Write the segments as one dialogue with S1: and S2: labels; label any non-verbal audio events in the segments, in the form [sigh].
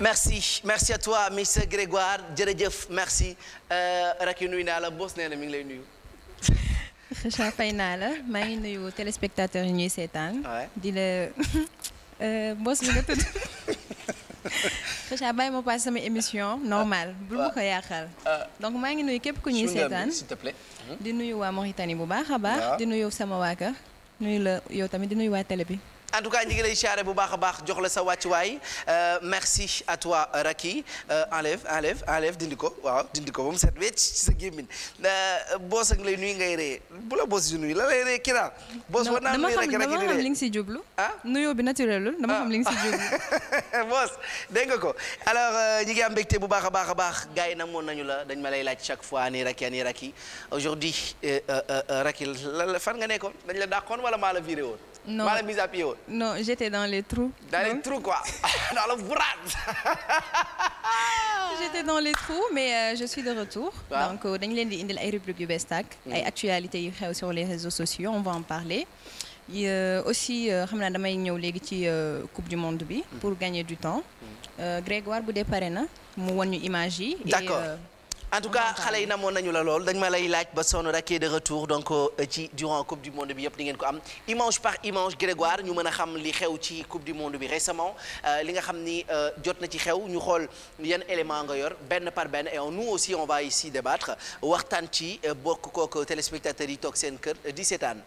S1: merci merci à toi monsieur Grégoire jërëjëf merci euh, rak yu nuyu naa la boss nee mi ngi lay nuyu.
S2: Richard [laughs] fay naa la maa ngi nuyu téléspectateurs yi ñuy seetaan. di la [laughs] euh, boss bi nga tudd. Richard [laughs] bàyyi ma paase sama émission normal bul ma ko yàqal. Euh, donc maa ngi nuyu képp ku ñuy seetaan
S1: mhm.
S2: di nuyu waa Mauritanie bu baax a baax. di nuyu sama waa kër nuyu la yow tamit di nuyu waa télé bi.
S1: en tout cas ñu ngi lay siyaare bu baax a baax jox la sa waay euh, merci à toi Racky euh, enlève enlève enlève dindi ko waaw dindi ko ba mu set wecc ci sa gémmiñ euh, boos ak lay nuyu ngay ree bu la boos di nuyu la lay ree kiraa boos war naa nuyu rek Racky di ree ah? dama xam li
S2: nga si jublu ah nuyoo dama xam li nga si
S1: jublu boos dégg nga ko alors ñi ngi am mbégte bu baax a baax a baax gars yi nag moon nañu la dañ ma lay laaj chaque fois nii Racky nii Racky aujourd'hui Racky la fan nga nekkoon dañ la dàqoon wala maa la viré woon non maa la mise
S2: dans les trous.
S1: dans les trous quoi [laughs] [laughs] dans le bourrage.
S2: [laughs] j'étais mais euh, je suis de retour. donc euh, dañu leen di indil ay rubriques yu bees tàkk. Mm. ay actualités yu xew sur les réseaux sociaux on va en parler. Euh, aussi xam naa damay ñëw léegi ci coupe du monde bi. Mm. pour gagner du temps. Mm. Grégoire bu dee pare na mu won ñu yi. d'accord.
S1: en tout cas xale yi namoon nañu la lool dañ ma lay laaj ba sonn rek de retour donc euh, ci durant coupe du monde bi yëpp di ngeen ko am image par image Grégoire ñu mën a xam li xew ci coupe du monde bi récemment euh, li nga xam ni euh, jot na ci xew ñu xool yenn élément nga yor benn par benn et nous aussi on va ici débattre waxtaan ci bokk kook téléspectateurs yi toog seen kër di seetaan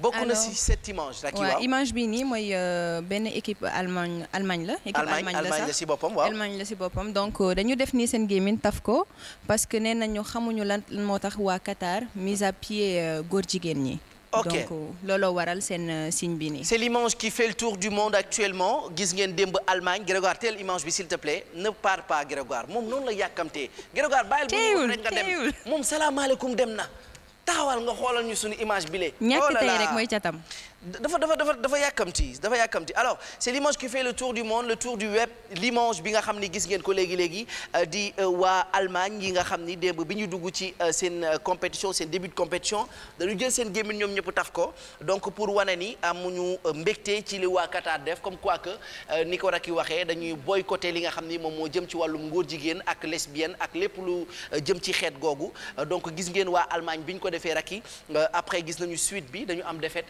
S1: bokk na si cette image rek waaw
S2: image bi nii mooy euh, benn équipe Allemagne Allemagne la. équipe Allemagne si boppam waaw Allemagne la si boppam donc euh, dañu def nii seen gémmin taf ko parce que nee nañu xamuñu lan moo tax waa Qatar mise à pied euh, góor jigéen ñi. ok donc
S1: looloo waral seen signe bi nii. c'est l'image qui fait le tour du monde actuellement gis ngeen démb Allemagne Grégoire teel image bi s'il te plaît ne part pas Grégoire moom noonu la yàkkamtee Grégoire bàyyil bu ñu rek nga moom salaamaaleykum dem na. taxawal nga xoolal ñu suñu image bi lee ñàkk oh tey rek mooy catam dafa dafa dafa dafa yàkkamti dafa yàkkamti alors c'est l'image qui fait le tour du monde le tour du web l'image bi nga xam ni gis ngeen ko léegi-léegi euh, di euh, waa Allemagne yi nga xam ni démb bi ñu dugg ci euh, seen compétition seen début de compétition dañu jël seen gémmiñ ñoom ñëpp tax ko donc pour wane ni ñu mbégte ci li waa Qatar def comme quoi que ni ko rakk yi waxee dañuy boycotter li nga xam ni moom moo jëm ci wàllum ngóor jigéen ak lesbienne ak lépp lu jëm ci xeet googu donc gis ngeen waa Allemagne bi ñu ko defee rakk yi après gis nañu suite bi dañu am défaite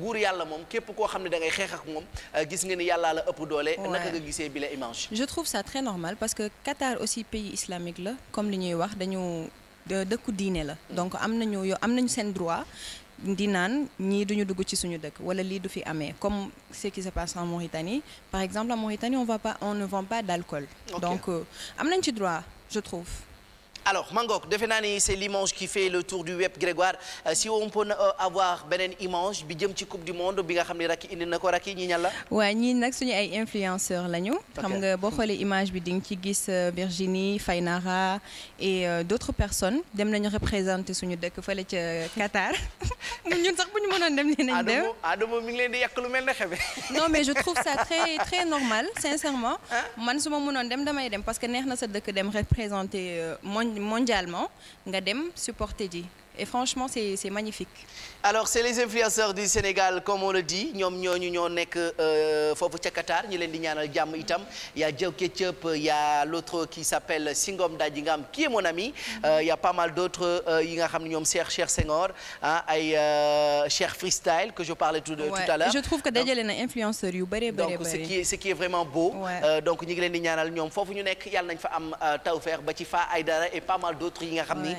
S1: nguur yàlla moom képp koo xam ne da ngay xeex ak moom euh, gis nga ni yàllaa la ëpp doole. naka nga gisee bi la image.
S2: je trouve ça très normal parce que Qatar aussi pays islamique la comme li ñuy wax dañu dëkku diine la. Mm. donc am nañu yow am nañu seen droit. di naan ñii duñu dugg ci suñu dëkk wala lii du fi amee comme ce qui se passe en Mauritanie par exemple en Mauritanie on va pas on ne vend pas d'alcool donc euh, am nañ ci droit je trouve
S1: alors Mangok defe naa ni c'est l'image qui fait le tour du web Grégoire euh, si on peut euh, avoir beneen image bi jëm ci coupe du monde bi nga xam ni rakki indi na ko rakki ñi ñan la.
S2: waaw ñii nag suñu ay influenceurs lañu. xam nga boo xoolee image bi di nga ci gis euh, Virginie Faynara et euh, d'autres personnes dem nañu représenter suñu dëkk fale ca Qatar. [laughs]
S1: ñun sax bu ñu mënoon dem nee nañ dem Adamo mi ngi leen di yàq lu mel ne xebe non mais je trouve ça très
S2: [laughs] normal sincèrement ah. man su ma mënoon dem damay dem parce que neex na sa dëkk dem représenter euh, mondialement nga dem supporter ji et franchement c'est c'est magnifique.
S1: alors c'est les influenceurs du Sénégal comme on le dit ñoom ñooñu ñoo nekk euh, foofu ca Qatar ñu leen di ñaanal jàmm itam ya a Diaw Ketchup y a l'autre qui s'appelle Singom Dadji Ngam qui est mon ami euh, y a pas mal d'autres euh, yi nga xam ne ñoom Cheikh Cheikh Senghor ah ay euh, Cheikh Freestyle que je parlais tout, ouais. tout à l'heure je
S2: trouve que dajale na influenceurs yu bëree bëri donc ce qui
S1: est ce vraiment beau donc ñu ngi leen di ñaanal ñoom foofu ñu nekk yal nañ fa am tawfeex ba ci Fa Aydara et pas mal yi nga xam ni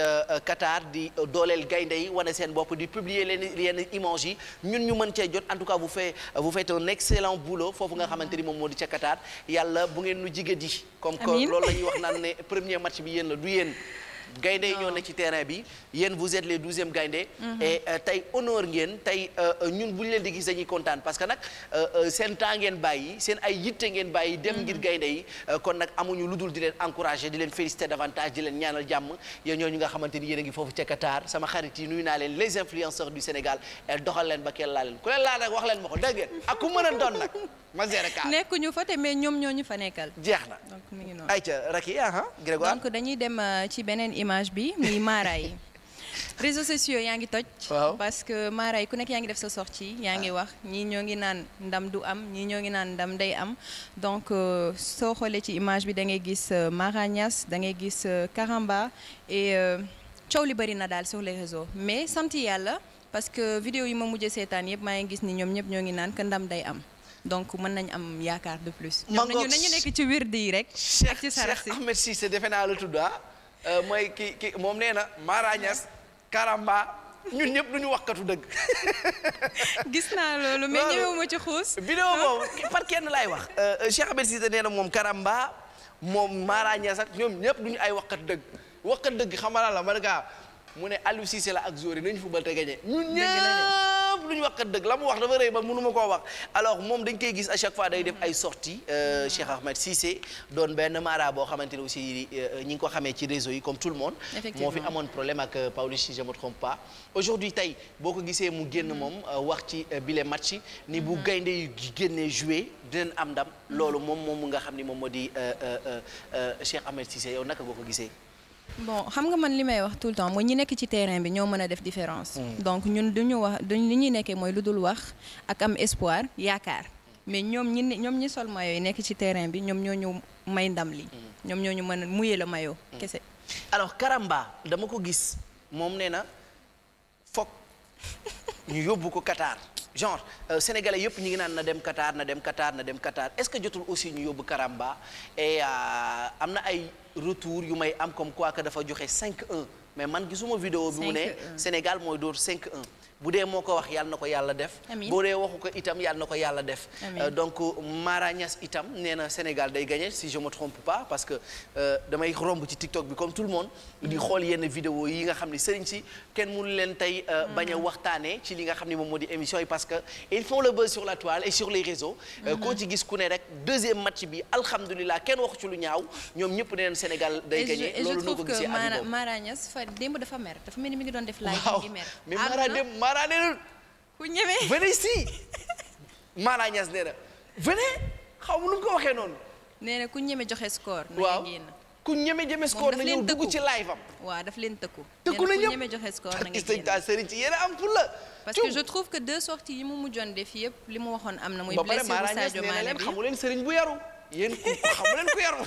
S1: ca euh, Qatar di euh, dooleel gaynde yi wane seen bopp di publier leen yenn image yi ñun ñu mën cee jot en tout cas vous faites euh, vous faites un excellent boulot foofu nga xamante ni moom moo di ca Qatar yàlla bu ngeen nu jigéen di comme que loolu la ñuy wax naan ne premier match bi yéen la du yéen gaynde yi ñoo ne ci terrain bi yéen vous êtes les douzième gaynde mhm. et euh, tey honneur ngeen tey euh, euh, ñun bu ñu leen di gis dañuy kontaan parce que nag seen temps ngeen bàyyi seen ay yitte ngeen bàyyi dem mhm. ngir gaynde yi kon nag amuñu lu dul di leen encourager di leen féliciter davantage di leen ñaanal jàmm yéen ñooñu nga xamante ni yéen a ngi foofu ca Qatar sama xarit yi nuyu naa leen les influenceurs du Sénégal doxal leen ba kenn laa leen ku leen laa nag wax leen
S2: ma ñoo ñu fa nekkal jeex na image bi muy Mara yi réseaux sociaux yaa ngi toj. parce que Mara yi ku nekk yaa ngi def sa sortie yaa ngi ah. wax ñii ñoo ngi naan ndam du am ñii ñoo ngi naan ndam day am donc euh, soo xoolee ci image bi da ngay gis euh, Mara da ngay gis euh, Karamba et li bëri na daal sur les réseaux mais sant yàlla parce que vidéo yi ma mujjee seetaan yëpp maa ngi gis ni ñoom ñëpp ñoo ngi naan que ndam day am. donc mën nañ am yaakaar de plus. nañu
S1: nekk ci wirdi yi rek. ci sarax si Cheikh Ahmed defe naa la tudd ah. Euh, mooy ki ki moom nee na Mara Niass Karamba ñun ñëpp duñu waxkatu dëgg. [laughs] gis naa loolu mais ñëwuma ci xuus. vidéo boobu par kenn laay wax. Euh, euh, Cheikh Abel Cissé nee na moom Karamba moom Mara Niass ñoom ñëpp ñu ay waxkatu dëgg waxkatu dëgg xamalaa la man gaa mu ne Aliou Cissé la ak Zoré nañu football te gagné ñun ñëpp. lu ñu wax kat dëgg la mu wax dafa rëy ba mënu ma koo wax alors moom dañ koy gis à chaque fois day def ay sorti euh, Cheikh Ahmed Cissé doon benn mara boo xamante ni aussi euh, ñi ngi ko xamee ci réseau yi comme tout le monde moo fi amoon problème ak euh, Pawlish si je me trompe pas aujourd'hui tey boo ko gisee mu génn moom mm-hmm. wax ci bile match ni bu mm-hmm. gaynde yu génnee joué dinañ am ndam mm-hmm. loolu moom moom nga xam ni moom moo di Cheikh Ahmed Cissé yow naka boo ko gisee
S2: bon xam nga man li may wax tout le temps mooy ñi nekk ci terrain bi ñoo mën a def différence. Mm. donc ñun duñu wax duñ li ñuy nekkee mooy lu dul wax ak am espoir yaakaar. mais ñoom ñi ñoom ñi sol maillot yi nekk ci terrain bi ñoom ñoo ñu may ndam li mm. ñoom ñoo ñu mën
S1: a mouiller le maillot mm. kese. alors Karamba dama ko gis moom nee na foog [laughs] ñu yóbbu ko Qatar genre euh, sénégalais yëpp ñu ngi naan na dem Qatar na dem Qatar na dem Qatar est-ce que jotul aussi ñu yóbbu Karamba et euh, am na ay retour yu may am comme quoi que dafa joxe cinq 1 mais man gisuma vidéo bi mu ne Sénégal mooy dóor 5-1 bu dee moo ko wax yàlla na ko yàlla def bu dee waxu ko itam yàlla na ko yàlla def euh, donc Mara Niass itam nee na Sénégal day gagné si je me trompe pas parce que euh, damay romb ci TikTok bi comme tout le monde di xool yenn vidéo yi nga xam ne sëriñ si kenn mënu leen tey euh, mm-hmm. bañ a waxtaanee ci li nga xam ne moom moo di émission yi parce que ils font le buzz sur la toile sur les réseaux mm-hmm. koo ci gis ku ne rek deuxième match bi alhamdulilah kenn waxu ci lu ñaaw
S2: démb dafa mer dafa mel ni mi ngi doon def live mi ngi mer
S1: mais Mara démb Mara nee na ku ñemee venez ici [laughs] Mara Niass nee na xaw ma nu mu ko waxee noonu nee ku ñeme joxe score waaw
S2: ku ñeme jëme score na ñëw ci live am waaw daf leen tëkku tëkku na ñëpp ñeme joxe score na nga génn ta am pour la parce que je trouve que deux sorties yi mu mujjoon def yëpp li mu waxoon am na muy blessé Sadio Mané bi xamu
S1: leen sëriñ bu yaru yéen ku xamu leen ku yaru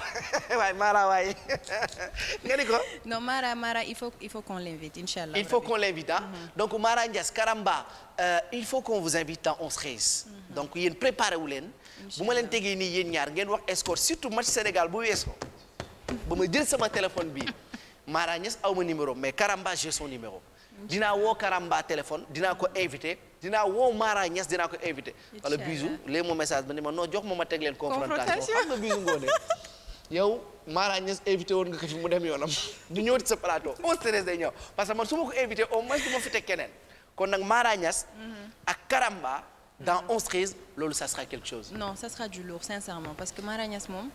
S1: [laughs] waaye [laughs] nga ni ko. non Mara Mara il faut il faut qu'on l'invite inchallah il faut qu'on l'invite mm-hmm. donc Mara Ndiass Karamba euh, il faut qu'on vous invite dans Onze Treize. Mm-hmm. donc yéen préparé wu leen. bu ma leen tegee nii yéen ñaar ngeen wax escorte surtout match Sénégal bu weesoo. ba ma jël sama téléphone bi Mara Ndiass aw ma numéro mais Karamba j'ai son numéro. dinaa woo Karamba téléphone dinaa ko invité. dinaa woo Mara Niass dinaa ko invité. wala bisu léegi ma message ba ni ma noo jox ma ma teg leen confrontation xam nga bisu ngoone yow Mara invité woon nga ko fi mu dem yoonam du [laughs] ñëwati sa plateau on stress day ñëw parce que man su ma ko invité au moins du ma fi teg keneen kon nag Mara Niass mhm. ak Karamba dans mhm. loolu ça sera quelque chose.
S2: non ça sera du lourd sincèrement parce que Mara Niass moom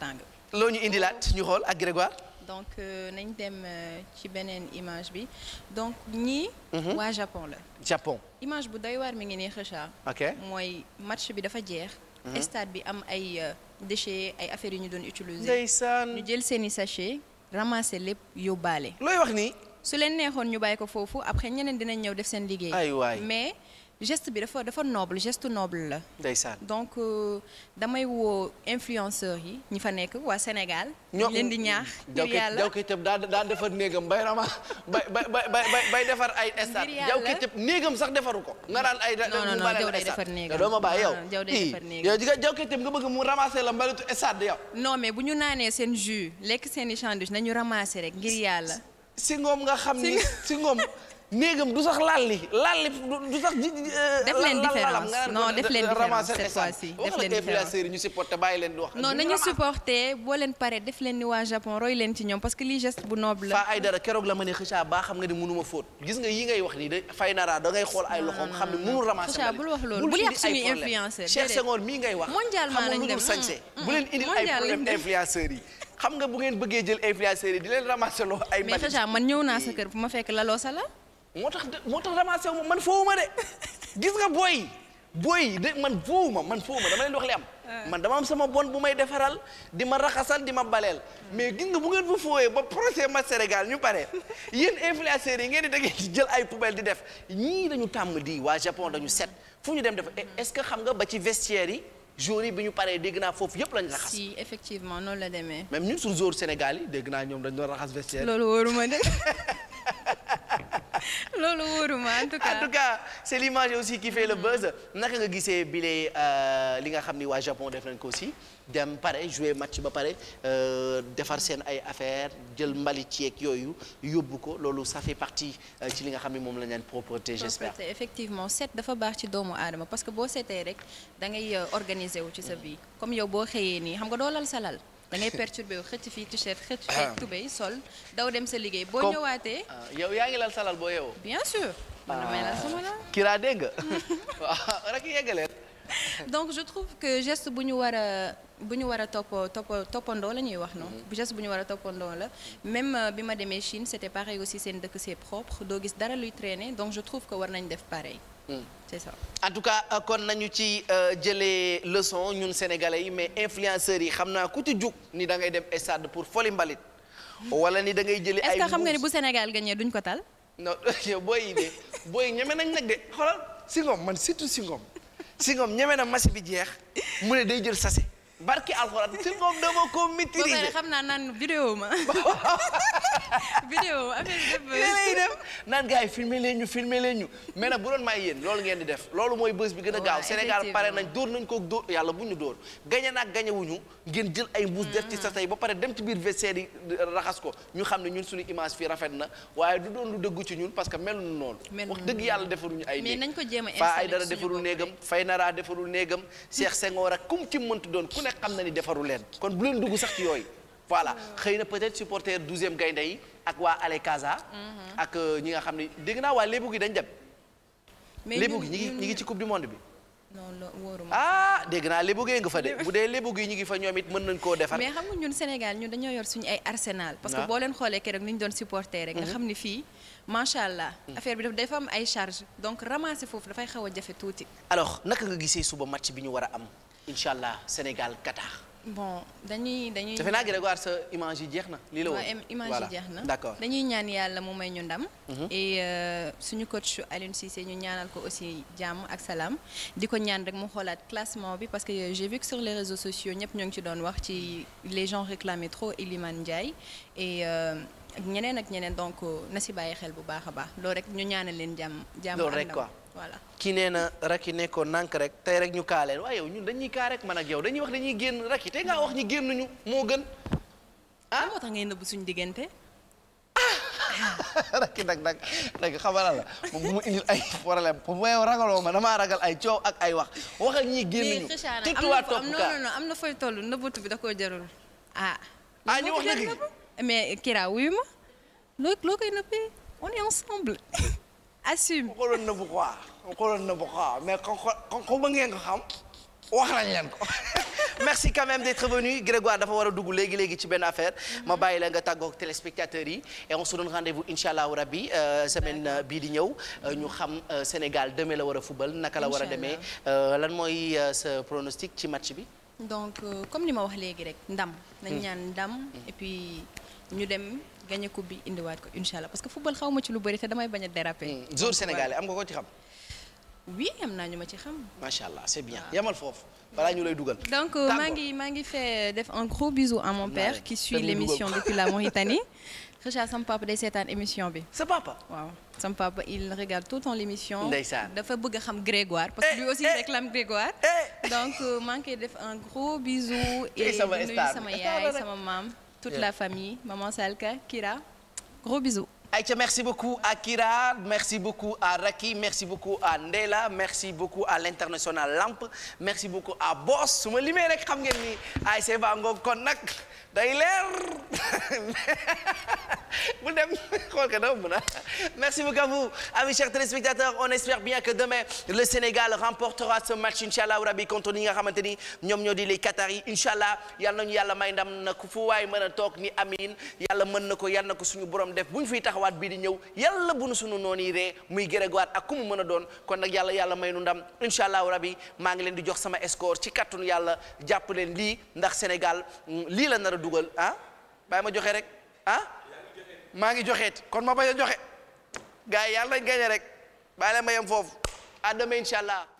S1: tàng. loo ñu indilaat ñu xool ak Grégoire.
S2: donc euh, nañ dem euh, ci beneen image bi donc ñii.
S1: Mhm. waa Japon la. Japon
S2: image bu day waar mi ngi nii xëcca. ok mooy match bi dafa jeex. Mhm. stade bi am ay euh, déchets ay affaires yu ñu doon utiliser. ndeysaan ñu jël seeni sachet ramasser lépp yóbbaale. looy wax nii. su leen neexoon ñu bàyyi ko foofu après ñeneen dinañ ñëw def seen liggéey. mais. geste bi dafa dafa noble geste noble la. ndeysaan donc euh, damay woo influenceurs yi ñi fa nekk waa Sénégal. ñoo leen di ñaax. Mm. ngir yàlla jaww
S1: ki itam daa daa defar néegam bay rama bay bay bay bay defar ay. stade jaww ki itam néegam sax defaru ko. nga daan ay da non non jaww defar néegam doo ma bàyyi yow. jaww day defar néegam yow jaww ki itam nga bëgg mu ramasser la mbalitu stade yow. non mais bu ñu naanee seen jus
S2: lekk seen i sandwich nañu ramasser rek ngir yàlla.
S1: si ngoom nga xam ni si ngoom. néegam du sax lalli lalli du sax. Euh, def leen différence non def leen différence cette fois-ci def leen différence ñu supporté di wax. non nañu
S2: supporté boo leen paree def leen ni waa
S1: Japon roy leen ci ñoom parce que lii geste bu noble la. Fa Aydara keroog la ma ne xëcaa baa xam nga ni mënuma fóot gis nga yi ngay wax nii de fay nara da xool ay loxoom xam ne mënul ramasser. bul wax loolu bul yàq suñuy influenceur Cheikh Senghor mii ngay wax. mondialement lañ dem bu leen indil ay problème xam nga bu ngeen moo tax moo tax ramassé wu ma man foowu ma de gis nga booy booy de man foowu ma man foowu ma dama leen wax li am. Ah. man dama am sama bon bu may defaral di ma raxasal di ma baleel. Ah. mais gis nga bu ngeen fa fooyee ba projet ma Sénégal ñu pare [laughs] yéen influenceurs yi ngeen di da ngeen jël ay poubelle di def ñii dañu tàmm di waa Japon dañu set fu ñu dem def eh, ah. est-ce que xam nga ba ci vestiaire yi. jour yi ñu paree dégg naa foofu yëpp lañ raxas. si
S2: effectivement noonu la demee.
S1: même ñun sur jour Sénégal yi dégg naa ñoom dañ doon raxas vestiaire. loolu wóoruma
S2: de. [laughs]
S1: loolu [laughs] wóoruma en tout cas en tout cas c'est l'image aussi qui fait le buzz naka nga gisee bile euh, li nga xam ni waa Japon def nañ ko aussi dem pare jouer match ba pare euh, defar seen ay affaire jël mbalit yeeg yooyu yóbbu ko loolu ça fait partie euh, ci li nga xam ni moom la ñu leen propreté j'espère
S2: effectivement seet dafa baax ci doomu aadama parce que boo seetee rek da ngay organiser wu ci sa vie comme yow boo xëyee nii xam nga doo lal sa lal da ngay perturbé xëcc fii t-shirt xëcc fii ah. tubéy sol daw dem sa liggéey boo ñëwaatee ah,
S1: yow yaa ngi lal salal boo yeewoo bien sûr ah. man damay lal sama lal kiraa dégg [laughs] waaw rek yeggaleel
S2: donc je trouve que geste bu ñu war a bu ñu war a topp topp toppandoo la ñuy wax noonu mm-hmm. geste bu ñu war a toppandoo la même euh, bi ma demee Chine c'était pareil aussi seen dëkk c'est propre doo gis dara luy traîner donc je trouve que war nañ def pareil Mm. c'est ça
S1: en tout cas euh, kon nañu ci euh, jëlee leçon ñun sénégalais yi mais influenceurs yi xam naa ku ci jug ni da ngay dem stade pour foli mbalit wala ni da ngay jëlee ay est-ce xam nga ni
S2: bu Sénégal gagné duñ ko tal.
S1: non [laughs] booy yi de booy ñeme nañ nag de xoolal si ngoom man surtout si ngoom si ngoom ñeme na match bi jeex mu ne day jël sase. barki alxuraan si moom dama ko maîtriser xam naa naan vidéo ma. [laughs] vidéo affaire bi lay def naan gars yi filmer leen ñu filmer leen ñu mais nag bu doon may yéen loolu ngeen di def loolu mooy bés bi gën a gaaw Sénégal pare nañ dóor nañ ko dóor yàlla bu ñu dóor gañe naa gañe wuñu ngeen jël ay mbuus def ci sa tey mm. ba pare dem ci biir vestiaire yi raxas ko ñu xam ne ñun suñu image fii rafet na waaye du doon lu dëgg ci ñun parce que melu nu noonu wax dëgg yàlla defaruñu ay néeg
S2: fa ay dara defarul
S1: néegam fay naraa defarul néegam Cheikh Senghor ak kum ci mënti doon nekk xam na ni defaru leen kon bu leen dugg sax ci yooyu voilà xëy na peut-être supporter douzième gaynde yi ak waa Ale Casa mhm. ak euh, ñi nga xam ne dégg naa waa lébu gi dañ dem lébu gi ñi ngi ngi ci coupe du monde bi ah dégg naa lébu gee nga fa de bu dee ñu ngi fa ñoom it mën nañ koo defar mais xam
S2: nga ñun Sénégal ñun dañoo yor suñu ay arsenal parce que ah. boo leen xoolee keroog ni ñu doon supporter rek nga mhm. xam ni fii macha allah mhm. affaire bi dafa am ay charge donc ramasser foofu dafay xaw a jafe tuuti
S1: alors naka nga gisee suba match bi ñu war a am incha allah Sénégal Qatar.
S2: bon dañuy dañuy. defe naa Grégoire
S1: sa image yi jeex na lii la woon. image jeex na d'accord
S2: dañuy ñaan yàlla mu may ñu ndam. e suñu coach Aliou Cissé ñu ñaanal ko aussi jàmm ak salaam di ko ñaan rek mu xoolaat classement bi parce que j'ai vu que sur les réseaux sociaux ñëpp ñoo ngi ci doon wax ci les gens réclamaient trop Iliman Ndiaye et. Euh, ñeneen ak ñeneen donc euh, na si bàyyi xel bu baax a baax loolu rek ñu ñaanal leen jàmm. jàmm ak loolu rek voilà
S1: ki nee na rakki nekkoon nank rek tey rek ñu kaa leen waaye ñun dañuy kaa rek man ak yow dañuy wax dañuy génn rakki te ngaa wax ñi génnuñu moo gën. ah moo tax ngay nëbb suñu diggante. [laughs] rakki nag nag nag xamala la moom bu ma damaa ragal ay coow ak ay wax wax ñi génnuñu. surtout waa kaa
S2: am na fooy toll nëbbatu bi da koo jarul
S1: ah. ah ñu wax dëgg
S2: mais Kira ma loo loo koy nëbbee
S1: on est ensemble. [laughs] assume. xooloon na bu quoi na bu quoi mais kon kon ba ngeen ko xam wax nañ leen ko. [laughs] merci quand même war a dugg léegi léegi ci benn affaire ma bàyyi la nga tàggoog téléspectateurs yi et on se donne rendez-vous incha allah rabbi euh, semaine euh, bii di ñëw euh, ñu xam Sénégal demee la war a fubal naka la war a demee lan mooy sa pronostic ci match bi.
S2: donc comme ni ma wax léegi rek ndam. nañ hmm. ñaan ndam hmm. et ñu dem. gagné coupe bi indiwaat ko incha allah parce que football xaw ci lu bëri te damay bañ a déraper. jour hmm, sénégalais am nga ko ci xam. oui am naa ñu ma ci xam.
S1: macha maa
S2: ngi maa ngi fait euh, def un gros bisou à mon père. qui [laughs] bi. sa papa waaw sama papa il regarde tout le temps l'émission. ndeysaan dafa bëgg a xam Grégoire. parce que eh, lui aussi eh. réclame Grégoire. Eh. donc euh, maa ngi koy def un [laughs] maam. toute yeah. la famille, maman Salka, Kira.
S1: Gros bisous. Aïcha merci beaucoup à Kira merci beaucoup à Raki merci beaucoup à Ndela merci beaucoup à l'international Lamp merci beaucoup à Boss su ma limee rek xam ngeen ni ay c'est ba ngoog kon nag day leer bu [laughs] dem xool ka dama mën a merci beaucoup à vous amis chers téléspectateurs on espère bien que demain le Sénégal remportera ce match inchallah rabi contre ñi nga xamante ni ñoom ñoo di les Qataris inchallah yal nañu yàlla may ndam na ku fu waay mën a toog ni amin mën na ko yal na ko suñu borom def bu taxawaat bii di ñëw yàlla bu nu sunu noon yi ree muy gérégowaat ak ku mu mën a doon kon nag yàlla yàlla may nu ndam incha allahu rabi maa ngi leen di jox sama score ci nu yàlla jàpp leen lii ndax Sénégal mm, lii la nar a dugal ah bàyyi ma joxe rek ah maa ngi joxeet kon ma bañ a joxe gars yàlla nañ gañe rek baa leen ma yem foofu à demain incha allah